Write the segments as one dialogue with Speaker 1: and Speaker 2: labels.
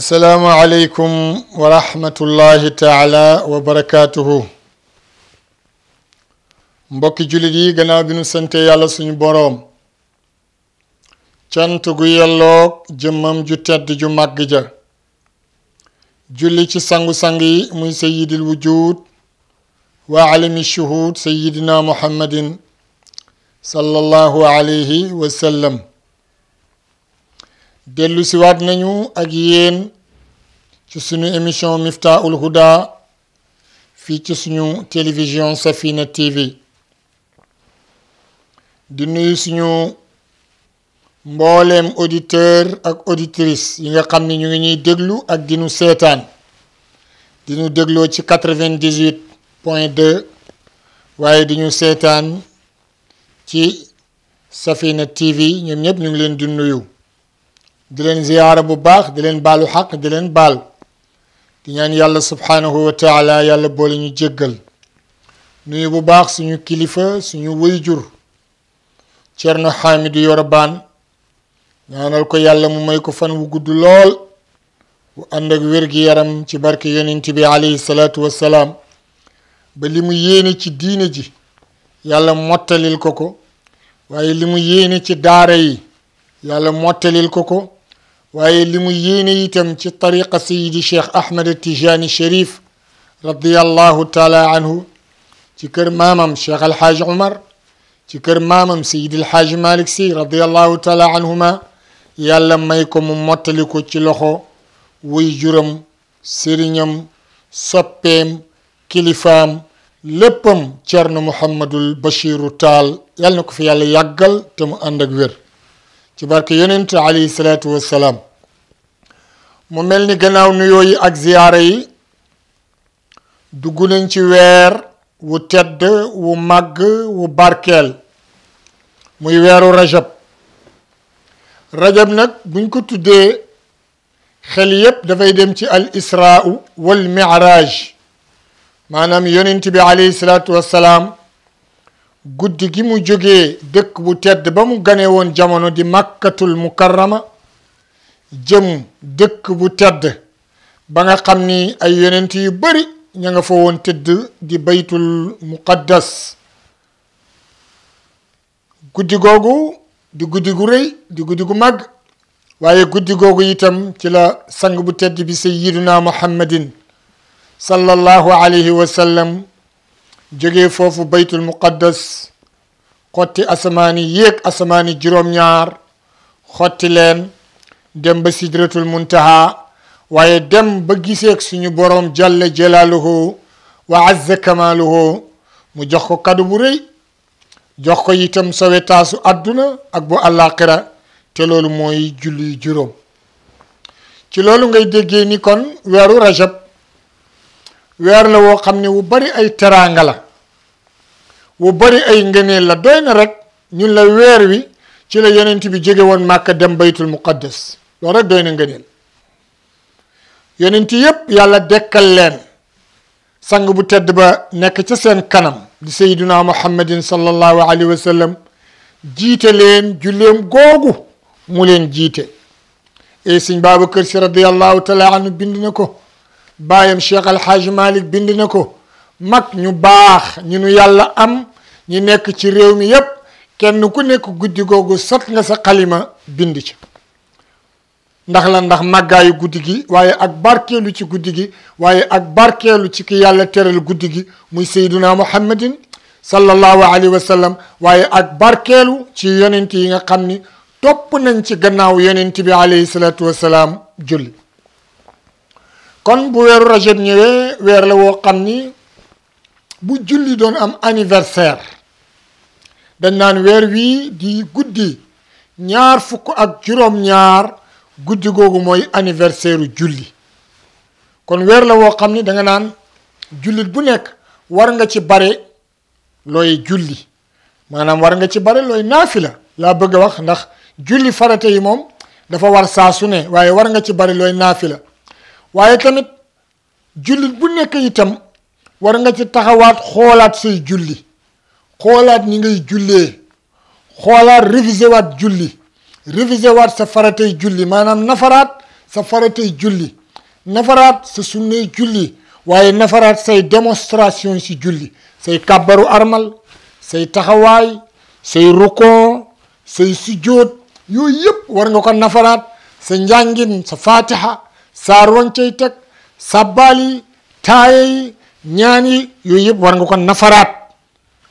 Speaker 1: السلام عليكم ورحمة الله تعالى وبركاته mbokki jullit yi gannaaw bi nu sante yàlla suñu boroom cant gu yelloog jëmmam ju tedd ju màgg ja julli ci sangu-sang yi muy sayidil wujud wa alami shuhud sayidina muhammadin sallallahu alayhi wa sallam dellu siwaat nañu ak yéen ci suñu émission miftaahul huda fii ci suñu télévision safina tv di nuyu suñu mbooleem auditeur ak auditrice yi nga xam ni ñu ngi ñuy déglu ak dinu seetaan dinu dégloo ci 98 point 2 waaye diñu seetaan ci safina tv ñoom ñëpp ñu ngi leen di nuyu di leen ziyaara bu baax di leen baal xaq di leen baal di ñaan yàlla subhaanahu wa taala yàlla boole ñu jéggal nuyu bu baax suñu kilifa suñu wëyjur Cerno Xaamidu Yoro Baan ñaanal ko yàlla mu may ko fan wu gudd lool bu ànd ak wér-gi-yaram ci barke yonent bi alayhi salaatu salaam ba li mu yéene ci diine ji yàlla mottalil ko ko waaye li yéene ci daara yi yàlla mottalil ko ko وهي اللي مجيني تم طريق سيد الشيخ أحمد التجاني الشريف رضي الله تعالى عنه تكر مامم شيخ الحاج عمر تكر مامم سيد الحاج مالك سي رضي الله تعالى عنهما يالا مايكم موتلكو تلخو ويجرم سرينم سبيم كليفام لبم تشرن محمد البشير تال يالنك في يالا يقل تم أندق وير ci barke yonent alayhi salaatu wassalaam mu mel ni gannaaw nuyoo yi ak ziyaara yi dugg nañ ci weer wu tedd wu màgg wu barkeel muy weeru rajab rajab nag buñ ko tuddee xel yépp dafay dem ci al israa'u wal miraaj maanaam yonent bi alayhi salaatu wassalaam guddi gi mu jóge dëkk bu tedd ba mu gane woon jamono di màkkatul mukarrama jëm dëkk bu tedd ba nga xam ni ay yonent yu bari ña nga woon tëdd di baytul muqaddas guddi googu di guddi gu rëy di guddi gu màgg waaye guddi googu itam ci la sang bu tedd bi sayyiduna muhammadin sallallahu alayhi wa جيجي فوفو بيت المقدس خطي اسماني يك اسماني جروم نيار خطي لين دم بسدره المنتهى واي دم بغيسيك سونو بوروم جل جلاله وعز كماله مو جخو كادو بوري جخو يتم سويتاسو ادنا اك بو الاخره تي لولو موي جولي جروم تي لولو غاي ديغي ني كون ويرو رجب weer la woo xam ne wu bari ay teraanga la wu bari ay ngëneel la doy na rek ñun la weer wi ci la yonent bi jóge woon màkka dem baytul muqaddas loolu rek doy na ngëneel yonent yépp yàlla dekkal leen sang bu tedd ba nekk ca seen kanam di sayyiduna muhammadin sallallahu alayhi wa sallam jiite leen julleem googu mu leen jiite et sëñ Babacar Si radiyallahu taala anhu bind na ko baayam Cheikh Al Hadj Malick bind na ko mag ñu baax ñu nu yàlla am ñu nekk ci réew mi yépp kenn ku nekk guddi googu sot nga sa xalima bind ci ndax la ndax màggaayu guddi gi waaye ak barkeelu ci guddi gi waaye ak barkeelu ci ki yàlla teral guddi gi muy sayduna muhammadin sallallahu alayhi wa sallam waaye ak barkeelu ci yonent yi nga xam ni topp nañ ci gannaaw yonent bi alayhi salaatu wasalaam julli kon bu weeru rajab ñëwee weer la woo xam ni bu julli doon am anniversaire dañ naan weer wii di guddi ñaar fukk ak juróom-ñaar guddi googu mooy anniversaire u julli kon weer la woo xam ni danga naan jullit bu nekk war nga ci bare looy julli maanaam war nga ci bare looy la laa bëgg a wax ndax julli farata yi moom dafa war saa su ne waaye war nga ci bare looy la waaye tamit jullit bu nekk itam war nga ci taxawaat xoolaat say julli xoolaat ñi ngay jullee xoolaat révisé waat julli révisé waat sa faratay julli maanaam nafaraat sa faratay julli nafaraat sa sunnay julli waaye nafaraat say démonstration si julli say kàbbaru armal say taxawaay say rukon say sujjóot yooyu yëpp war nga ko nafaraat sa njàngin sa fatiha saaruwan ceytak sàbbaali taaye ñaani yooyu yëpp war nga ko nafaraat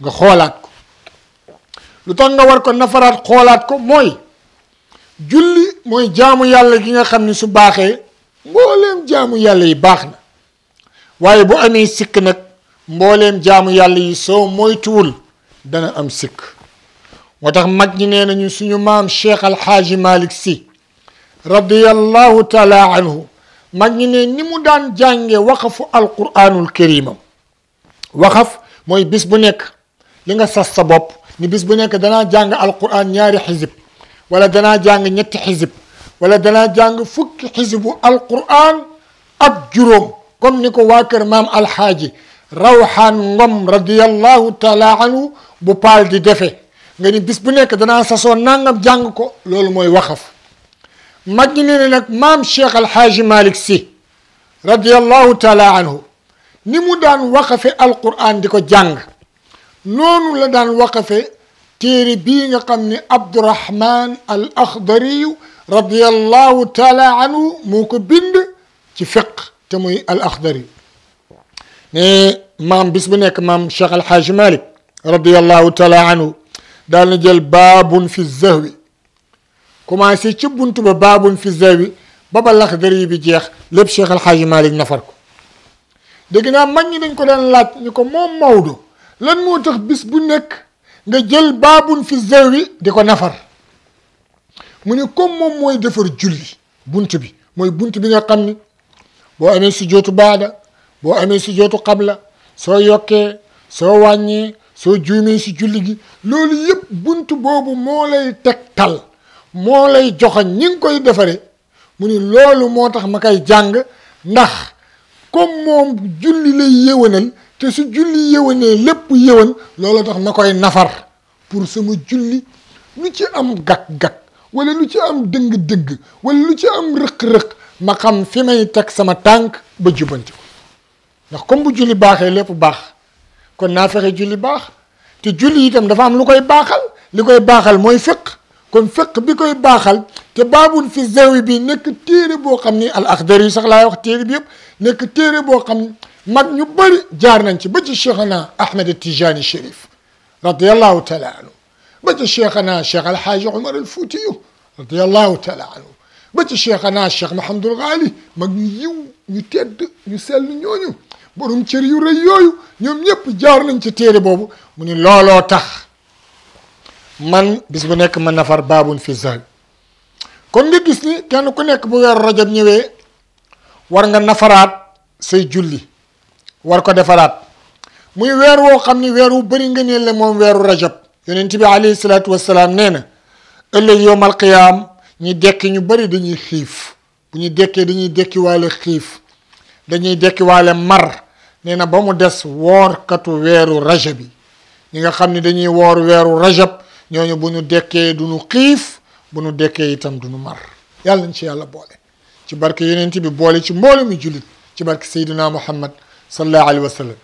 Speaker 1: ga xoolaat ko lu tax war ko nafaraat xoolaat ko mooy julli mooy jaamu yàlla gi nga xam ni su baaxee mbooleem jaamu yàlla yi baax na waaye bu amee sikk nag mbooleem jaamu yàlla yi mooy tuul dana am sikk moo tax mag ñi nee nañu suñu maam cheikh alxaaji malik si radiallahu taala anhu mag ñi ne ni mu daan jànge waqafu alquranul karimam waqaf mooy bis bu nekk li nga sas sa bopp ni bis bu nekk danaa jàng alquran ñaari xizib wala danaa jàng ñetti xizib wala danaa jàng fukki xizibu alquran ab juróom comme ni ko waa kër maam alxaaji rawxaan ngom radiallahu taala anhu bu paal di defe nga ni bis bu nekk danaa sasoo nangam jàng ko loolu mooy waqaf مجنين لك مام شيخ الحاج مالك سي رضي الله تعالى عنه نمو دان وقف القرآن ديكو جانغ نونو لدان وقف تيري بينا قمني عبد الرحمن الأخضري رضي الله تعالى عنه موكو بند تفق تموي الأخضري ني مام بسبنك مام شيخ الحاج مالك رضي الله تعالى عنه دان جل باب في الزهوي commencé ci bunt ba baabun fi zawi ba ba laxdari bi jeex lépp Cheikh El Hadj Malick nafar ko dégg naa mag ñi dañ ko daan laaj ni ko moom Maodo lan moo tax bis bu nekk nga jël babun fi zawi diko nafar mu ne comme moom mooy defar julli buntu bi moy buntu bi nga xamni bo amé amee si baada bo amé si jootu xabla soo yokkee soo wàññee soo juumee si julli gi lolou yeb buntu bobu mo lay tegtal moo lay joxañ ñi ngi koy defaree mu ni loolu moo tax ma koy jàng ndax comme moom julli lay yéwénal te su julli yéwénee lépp yéwén loolu tax ma koy nafar pour sama julli lu ci am gàkk-gàkk wala lu ci am dëng-dëng wala lu ci am rëq-rëq ma xam fi may teg sama tànk ba jubanti ko ndax comme bu julli baaxee lépp baax kon naa fexe julli baax te julli itam dafa am lu koy baaxal li koy baaxal mooy fiq kon fiq bi koy baaxal te baabul fi zawi bi nekk téere boo xam ni al axdari sax laay wax téere bi yëpp nekk téere boo xam ni mag ñu bëri jaar nañ ci ba ci cheikhana ahmed tijani chérif radiallahu taala anhu ba ci cheikhana cheikh alhaaji omar al fuutiyu radiallahu taala anhu ba ci cheikhana cheikh mahamadul gaali mag ñu yiw ñu tedd ñu sell ñooñu borom cër yu rëy yooyu ñoom ñëpp jaar nañ ci téere boobu mu ni looloo tax man bis bu nekk ma nafar baabun fi zahab kon nga gis ni kenn ku nekk bu weer rajab ñëwee war nga nafaraat say julli war ko defaraat muy weer woo xam ni weer wu bari nga ne moom weeru rajab yonent bi alayhi salaatu wassalaam nee na ëllëg yowmal qiyaam ñi dekki ñu bari dañuy xiif bu ñu dekkee dañuy dekkiwaale xiif dañuy dekkiwaale mar nee na ba mu des woorkatu weeru rajab yi ñi nga xam ni dañuy woor weeru rajab ñoñu buñu dekké duñu xif buñu dekké itam duñu mar yàlla ñu ci yàlla boole ci barke yenente bi boole ci mboolu mi jullit ci barke sayyidina Muhammad sallallahu alayhi wasallam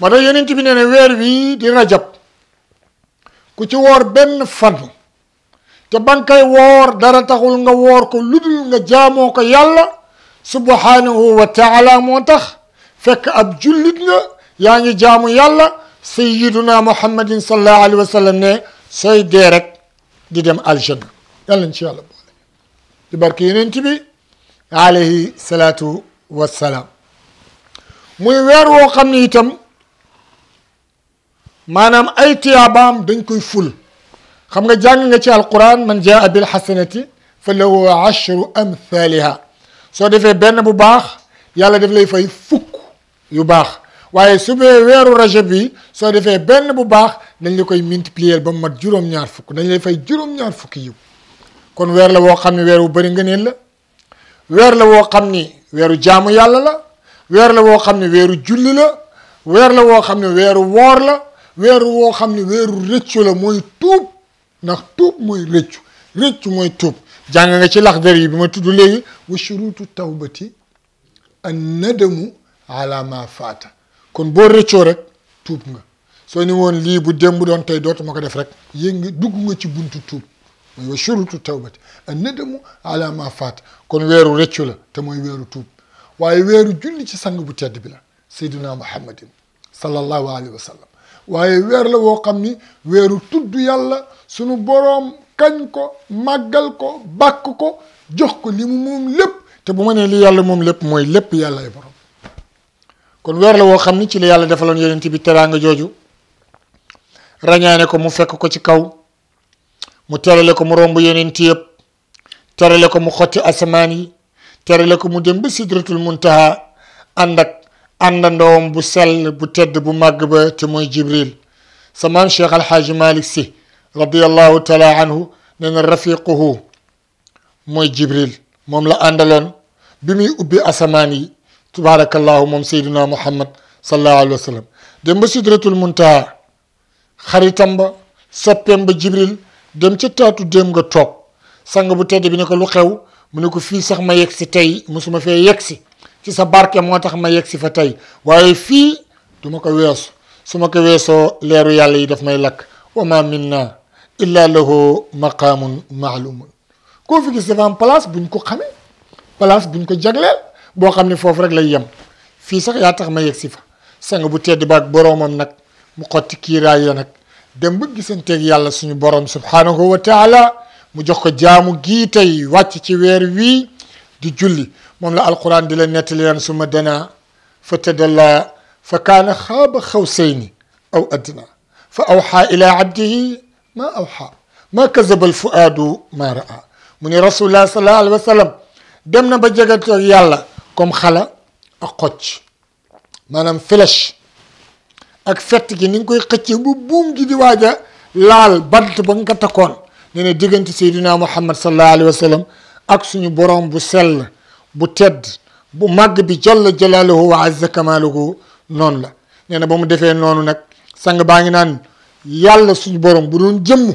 Speaker 1: ma do yenente bi nee wër wi di rajab ku ci wor ben fan te ban kay wor dara taxul nga wor ko luddul nga jamo ko yàlla subhanahu wa taala moo tax fekk ab julit nga yaangi jamu yàlla sayyiduna muhammadin sallallahu alayhi wa sallam ne سي ديرك دي دم الجنة يلا إن شاء الله بولي تباركين انتبي عليه الصلاة والسلام مي وير وقم نيتم مانام اي تيابام دنكو فل خمغ جانج نتي القرآن من جاء بالحسنة فلو عشر أمثالها سو بن بين باخ يلا دفع لي فاي فوك يباخ waaye su bee weeru rajab bi soo defee benn bu baax dañ la koy multiplier ba mu mat juróom-ñaar fukk dañ lay fay juróom-ñaar fukki yiw kon weer la woo xam ne weer wu bëri ngëneel la weer la woo xam ni weeru jaamu yàlla la weer la woo xam ne weeru julli la weer la woo xam ne weeru woor la weeru woo xam ne weeru rëccu la mooy tuub ndax tuub mooy rëccu rëccu mooy tuub jàng nga ci laxdar yi bi ma tudd léegi wa shurutu tawbati a nadamu ala ma faata kon boo rëccoo rek tuub nga soo ni woon lii bu démb doon tey dootuma ko def rek yéeg dugg nga ci buntu tuub mooy wa shurutu tawbati an nadamu ala ma faat kon weeru rëccu la te mooy weeru tuub waaye weeru julli ci sang bu tedd bi la sayduna muhammadin sallallahu alayhi wa sallam waaye weer la woo xam ni weeru tudd yàlla sunu boroom kañ ko màggal ko bàkk ko jox ko li mu moom lépp te bu ma nee li yàlla moom lépp mooy lépp yàlla yàllaay borom kon weer la woo xam ni ci la yàlla defaloon yonent bi teraanga jooju rañaane ko mu fekk ko ci kaw mu terale ko mu romb yonent yëpp terale ko mu xotti asamaan yi terale ko mu dem ba sidratul muntaha ànd ak àndandoom bu sel bu tedd bu màgg ba mooy jibril sa maam cheikh alxaaji malik si radiallahu taala anhu nee na rafiquhu mooy jibril moom la àndaloon bi muy ubbi asamaan yi تبارك الله moom Seydina Muhammad sallallahu alayhi wa sallam dem ba sidratul muntaha xaritam ba soppeem ba jibril dem ca taatu dem nga toog sang bu tedd bi ne ko lu xew mu ne ko fii sax ma yegg si tey musuma fee yegg si ci sa barke moo tax ma yegg si fa tey waaye fii du ma ko weesu su ma ko weesoo leeru yàlla yi daf may lakk wa ma minna illa lahu maqaamun maalumun koo fi gis dafa am place buñ ko xamee place buñ ko jagleel bo xamni fofu rek lay yam fi sax ya tax ma yegg sifa fa sang bu tedd baag boroomam nak mu xotti kiiraay ya nag dem ba ak yàlla suñu borom subhanahu wa taala mu jox ko jaamu gi tay wàcc ci wer wi di julli mom la alquran di la nettali leen suma dana fa tadalla fa kana xaaba khawsayn aw adna fa awha ila abdihi ma awha ma kazaba alfuaadu ma raa من رسول الله صلى الله عليه وسلم دمنا na يالا comme xala ak xocc manam flash ak fett gi ni ngui xecce bu boom gi di waja lal bant ba nga takkoon ne digeenti diggante muhammad sallallahu alaihi wasallam ak suñu borom bu sel bu tedd bu mag bi jalla jalaluhu wa azza kamaluhu non la nee na ba mu defee nonu nak sang baa ngi naan yàlla suñu borom bu doon jëm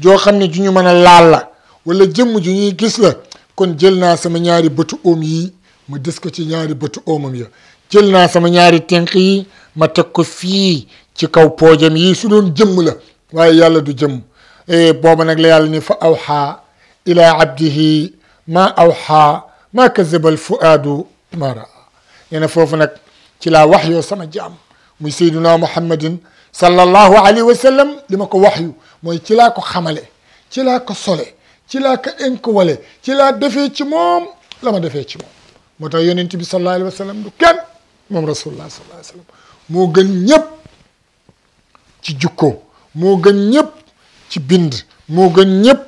Speaker 1: jo xamne juñu ju lal la wala jëm juñuy gis la kon jël naa sama ñaari bëtu oom yi mu dis ko ci ñaari bëtu oomam ya jël naa sama ñaari tenq yi ma teg ko fii ci kaw poojam yi su doon jëmm la waaye yàlla du jëmm eh, booba nag la yàlla ni fa awxaa ila abdihi ma awxaa ma kazabal fuaadu ma raa nee na foofu nag ci laa wax yoo sama jaam muy sayduna muhammadin sallallahu alayhi wa sallam li ma ko wax yu mooy ci laa ko xamale ci laa ko sole ci laa ko inkwale ci laa defee ci moom la ma defee ci moom moo tax yonent bi sallallahu alayhi wa sallam kenn moom rasulullah sallallahu alayhi moo gën ñëpp ci jukko moo gën ñëpp ci bind moo gën ñëpp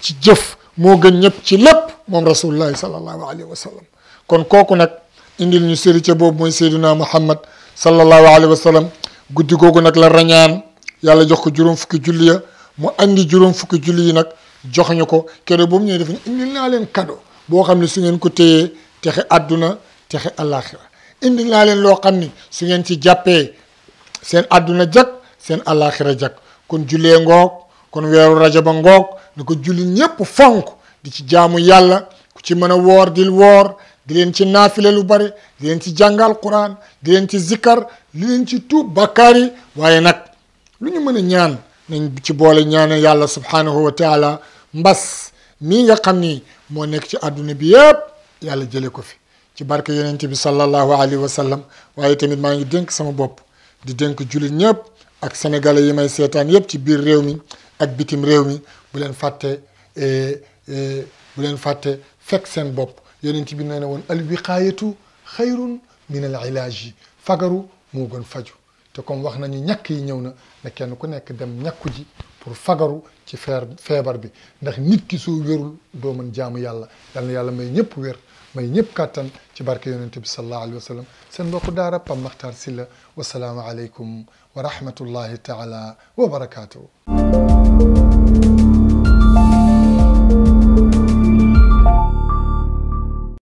Speaker 1: ci jëf moo gën ñëpp ci lépp moom rasulullah sallallahu alayhi wa sallam kon kooku nag indil ñu sérité boobu mooy seyduna muhammad sallallahu alayhi wa sallam guddi kooku nag la rañaan yàlla jox ko juróom fukki julli mu andi juróom fukki julli yi nag jox ñu ko kene boobu ñooy def indil naa leen cadeau boo xam ne su ngeen ko téyee texe àdduna texe àllaaxira indi naa leen loo xam ni si ngeen ci jàppee seen àdduna jag seen àllaaxira jag kon jullee ngoog kon weeru rajaba ngoog na ko julli ñépp fonk di ci jaamu yàlla ku ci mën a woor dil woor di leen ci naafile lu bari di leen ci jàngal quran di leen ci zikkar di leen ci tuub bàkkaar waaye nag lu ñu mën a ñaan nañ ci boole ñaan yàlla subhaanahu wa mbas mii nga xam ni moo nekk ci àdduna bi yépp يالا جيلي ko fi ci barke yonent صلى الله عليه وسلم واي waaye ماغي maa سما بوب دي bopp جولي نيب اك ñëpp ak سيتان ييب تي بير ريومي اك بيتيم ريومي mi فاتي bitim réew فاتي فك سين بوب bu leen fàtte fekk seen bopp yonent bi nee na woon al wiqaayatu xayrun min al ilaaj yi fagaru moo gën faju te comme wax dem pour fagaru ci feer feebar bi ndax nit ki su wérul doo mën jaamu yàlla yàlla na yàlla may ñëpp wér may ñëpp kàttan ci barke yonent bi sallallahu alayhi wa sallam seen mbokku daara Pape Makhtar Sylla wasalaamu alaykum wa rahmatullahi taala wa barakaatu.